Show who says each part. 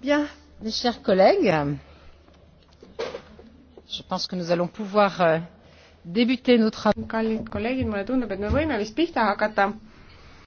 Speaker 1: Bien, mes chers collègues, je pense que nous
Speaker 2: allons pouvoir euh,
Speaker 3: débuter nos travaux. kallid kolleegid, mulle tundub, et me võime vist pihta hakata